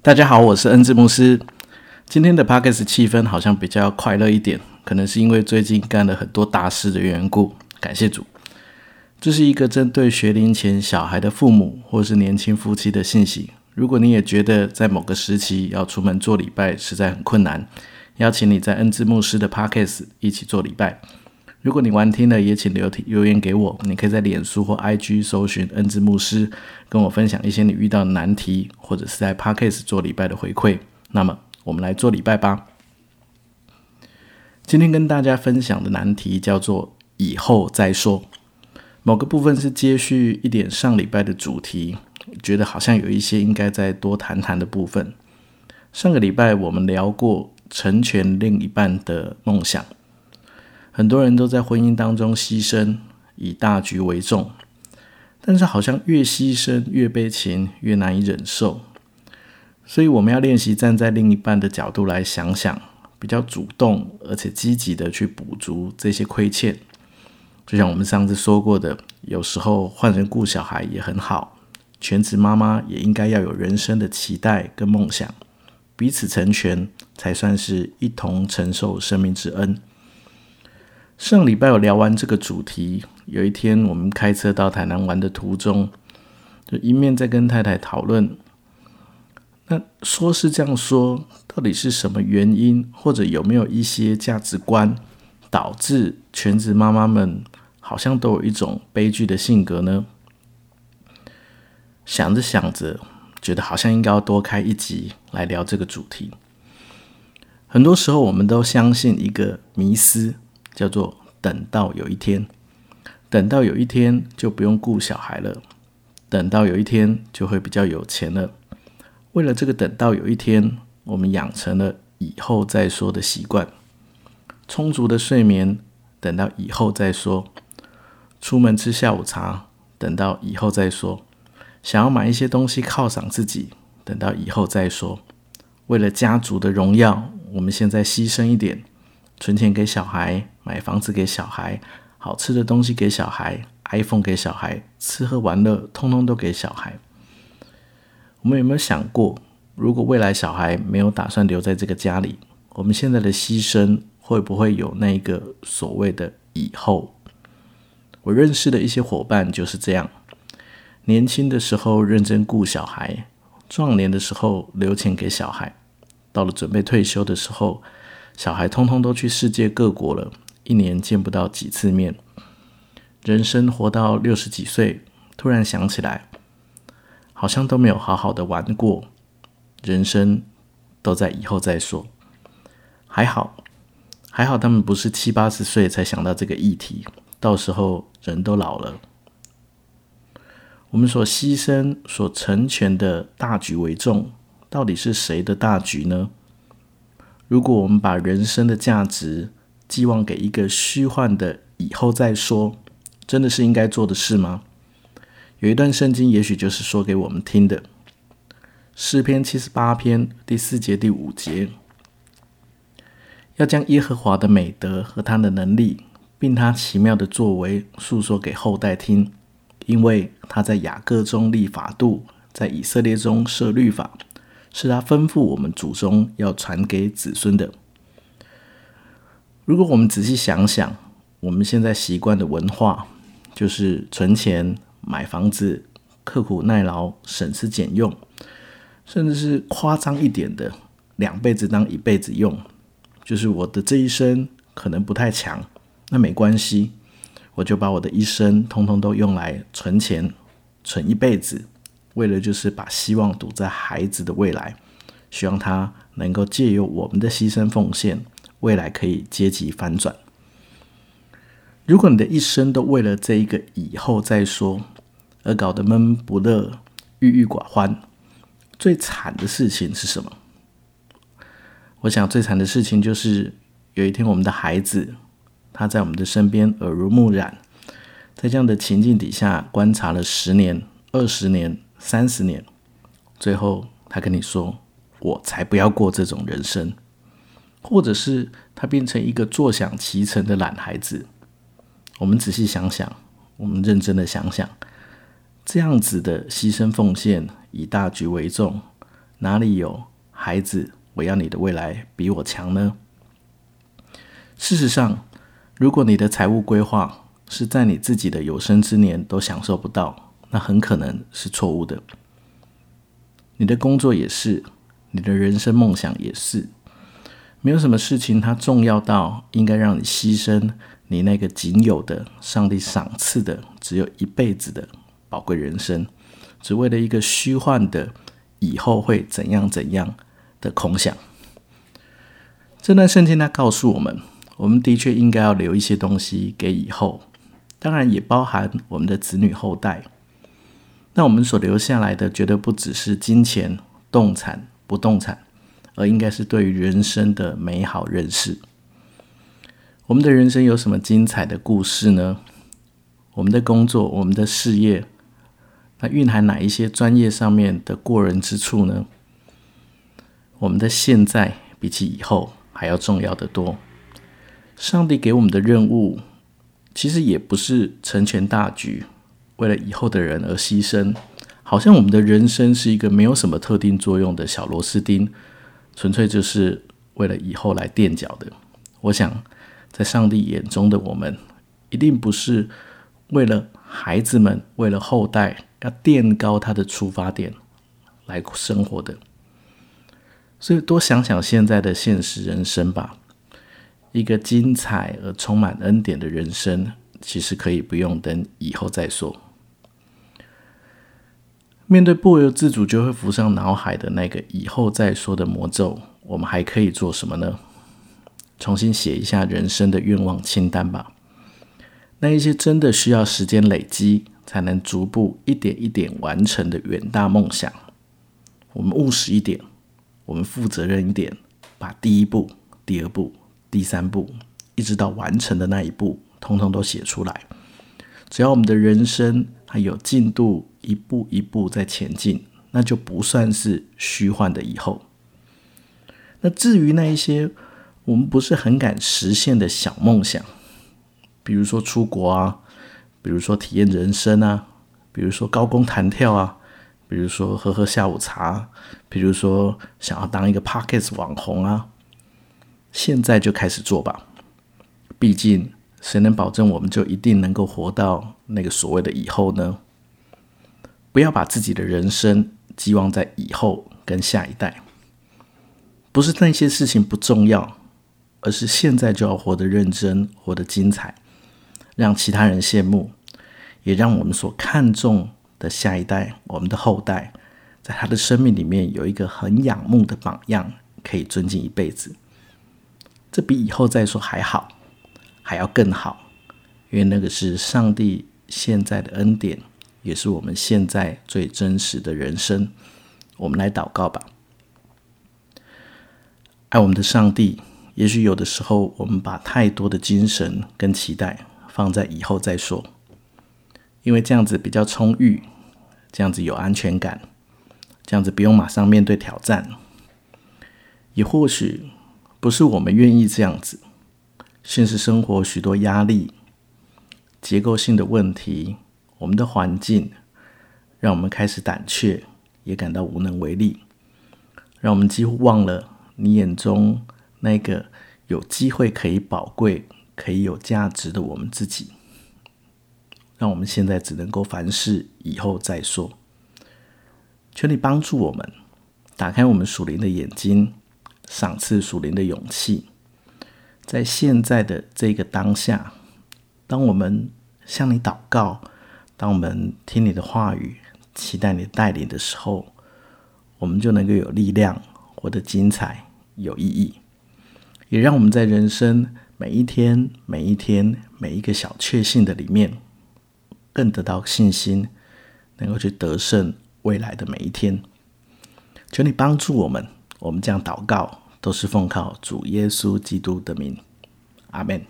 大家好，我是恩智牧師。今天的 podcast 氣氛好像比較快樂一點，可能是因為最近幹了很多大事的緣故。感謝主。這是一個針對學齡前小孩的父母或是年輕夫妻的信息。如果你也覺得在某個時期要出門做禮拜實在很困難，邀請你在恩智牧師的 podcast 一起做禮拜。如果你完聽了，也請留留言給我。你可以在臉書或 IG 搜尋恩智牧師，跟我分享一些你遇到的難題，或者是在 Podcast 做禮拜的回饋。那麼，我們來做禮拜吧。今天跟大家分享的難題叫做“以後再說”。某個部分是接續一點上禮拜的主題，覺得好像有一些應該再多談談的部分。上個禮拜我們聊過成全另一半的夢想。很多人都在婚姻當中犧牲，以大局為重，但是好像越犧牲越悲情，越難以忍受。所以我們要練習站在另一半的角度來想想，比較主動而且積極地去補足這些虧欠。就像我們上次說過的，有時候換人顧小孩也很好，全職媽媽也應該要有人生的期待跟夢想，彼此成全，才算是一同承受生命之恩。上禮拜我聊完這個主題，有一天我們開車到台南玩的途中，就一面在跟太太討論，那說是這樣說，到底是什麼原因，或者有沒有一些價值觀導致全職媽媽們好像都有一種悲劇的性格呢？想着想着，覺得好像應該要多開一集來聊這個主題。很多時候，我們都相信一個迷思。叫做等到有一天，等到有一天就不用顧小孩了，等到有一天就會比較有錢了。為了這個等到有一天，我們養成了以後再說的習慣。充足的睡眠，等到以後再說。出門吃下午茶，等到以後再說。想要買一些東西犒賞自己，等到以後再說。為了家族的榮耀，我們現在犧牲一點，存錢給小孩。買房子給小孩，好吃的東西給小孩，iPhone 給小孩，吃喝玩樂通通都給小孩。我們有沒有想過，如果未來小孩沒有打算留在這個家裡，我們現在的犧牲會不會有那個所謂的以後？我認識的一些夥伴就是這樣，年輕的時候認真顧小孩，壯年的時候留錢給小孩，到了準備退休的時候，小孩通通都去世界各國了。一年見不到幾次面，人生活到六十幾歲，突然想起來，好像都沒有好好的玩過。人生都在以後再說。還好，還好他們不是七八十歲才想到這個議題，到時候人都老了。我們所犧牲、所成全的大局為重，到底是誰的大局呢？如果我們把人生的價值，寄望給一個虛幻的以後再說，真的是應該做的事嗎？有一段聖經，也許就是說給我們聽的，《詩篇》七十八篇第四節、第五節，要將耶和華的美德和他的能力，並他奇妙的作為，訴說給後代聽，因為他在雅各中立法度，在以色列中設律法，是他吩咐我們祖宗要傳給子孫的。如果我們仔細想想，我們現在習慣的文化就是存錢、買房子、刻苦耐勞、省吃儉用，甚至是誇張一點的兩輩子當一輩子用，就是我的這一生可能不太強，那沒關係，我就把我的一生通通都用來存錢，存一輩子，為了就是把希望賭在孩子的未來，希望他能夠借由我們的犧牲奉獻。未來可以階級反轉。如果你的一生都為了這一個以後再說而搞得悶悶不樂、鬱鬱寡歡，最慘的事情是什麼？我想最慘的事情就是有一天我們的孩子他在我們的身邊耳濡目染，在這樣的情境底下觀察了十年、二十年、三十年，最後他跟你說：“我才不要過這種人生。”或者是他變成一個坐享其成的懶孩子。我們仔細想想，我們認真的想想，這樣子的犧牲奉獻，以大局為重，哪裡有孩子我要你的未來比我強呢？事實上，如果你的財務規劃是在你自己的有生之年都享受不到，那很可能是錯誤的。你的工作也是，你的人生夢想也是。沒有什麼事情，它重要到應該讓你犧牲你那個僅有的、上帝賞賜的、只有一輩子的寶貴人生，只為了一個虛幻的以後會怎樣怎樣的空想。這段聖經它告訴我們，我們的確應該要留一些東西給以後，當然也包含我們的子女後代。那我們所留下來的，絕對不只是金錢、動產、不動產。而應該是對於人生的美好認識。我們的人生有什麼精彩的故事呢？我們的工作，我們的事業，那蘊含哪一些專業上面的過人之處呢？我們的現在比起以後還要重要得多。上帝給我們的任務，其實也不是成全大局，為了以後的人而犧牲。好像我們的人生是一個沒有什麼特定作用的小螺絲釘。純粹就是為了以後來墊腳的。我想，在上帝眼中的我們，一定不是為了孩子們、為了後代要墊高他的出發點來生活的。所以，多想想現在的現實人生吧。一個精彩而充滿恩典的人生，其實可以不用等以後再說。面對不由自主就會浮上腦海的那個「以後再說」的魔咒，我們還可以做什麼呢？重新寫一下人生的願望清單吧。那一些真的需要時間累積，才能逐步一點一點完成的遠大夢想，我們務實一點，我們負責任一點，把第一步、第二步、第三步，一直到完成的那一步，通通都寫出來。只要我們的人生還有進度，一步一步在前進，那就不算是虛幻的以後。那至於那一些我們不是很敢實現的小夢想，比如說出國啊，比如說體驗人生啊，比如說高空彈跳啊，比如說喝喝下午茶，比如說想要當一個 podcast 網紅啊，現在就開始做吧。畢竟，誰能保證我們就一定能夠活到那個所謂的以後呢？不要把自己的人生寄望在以後跟下一代，不是那些事情不重要，而是現在就要活得認真，活得精彩，讓其他人羨慕，也讓我們所看重的下一代，我們的後代，在他的生命裡面有一個很仰慕的榜樣，可以尊敬一輩子。這比以後再說還好，還要更好，因為那個是上帝現在的恩典。也是我們現在最真實的人生，我們來禱告吧。愛我們的上帝，也許有的時候我們把太多的精神跟期待放在以後再說，因為這樣子比較充裕，這樣子有安全感，這樣子不用馬上面對挑戰。也或許不是我們願意這樣子，現實生活許多壓力、結構性的問題。我們的環境讓我們開始膽怯，也感到無能為力，讓我們幾乎忘了你眼中那個有機會可以寶貴、可以有價值的我們自己。讓我們現在只能夠凡事以後再說。請你幫助我們，打開我們屬靈的眼睛，賞賜屬靈的勇氣，在現在的這個當下，當我們向你禱告。當我們聽你的話語，期待你帶領的時候，我們就能夠有力量，活得精彩、有意義，也讓我們在人生每一天、每一天、每一個小確幸的裡面，更得到信心，能夠去得勝未來的每一天。求你幫助我們，我們這樣禱告，都是奉靠主耶穌基督的名。阿門。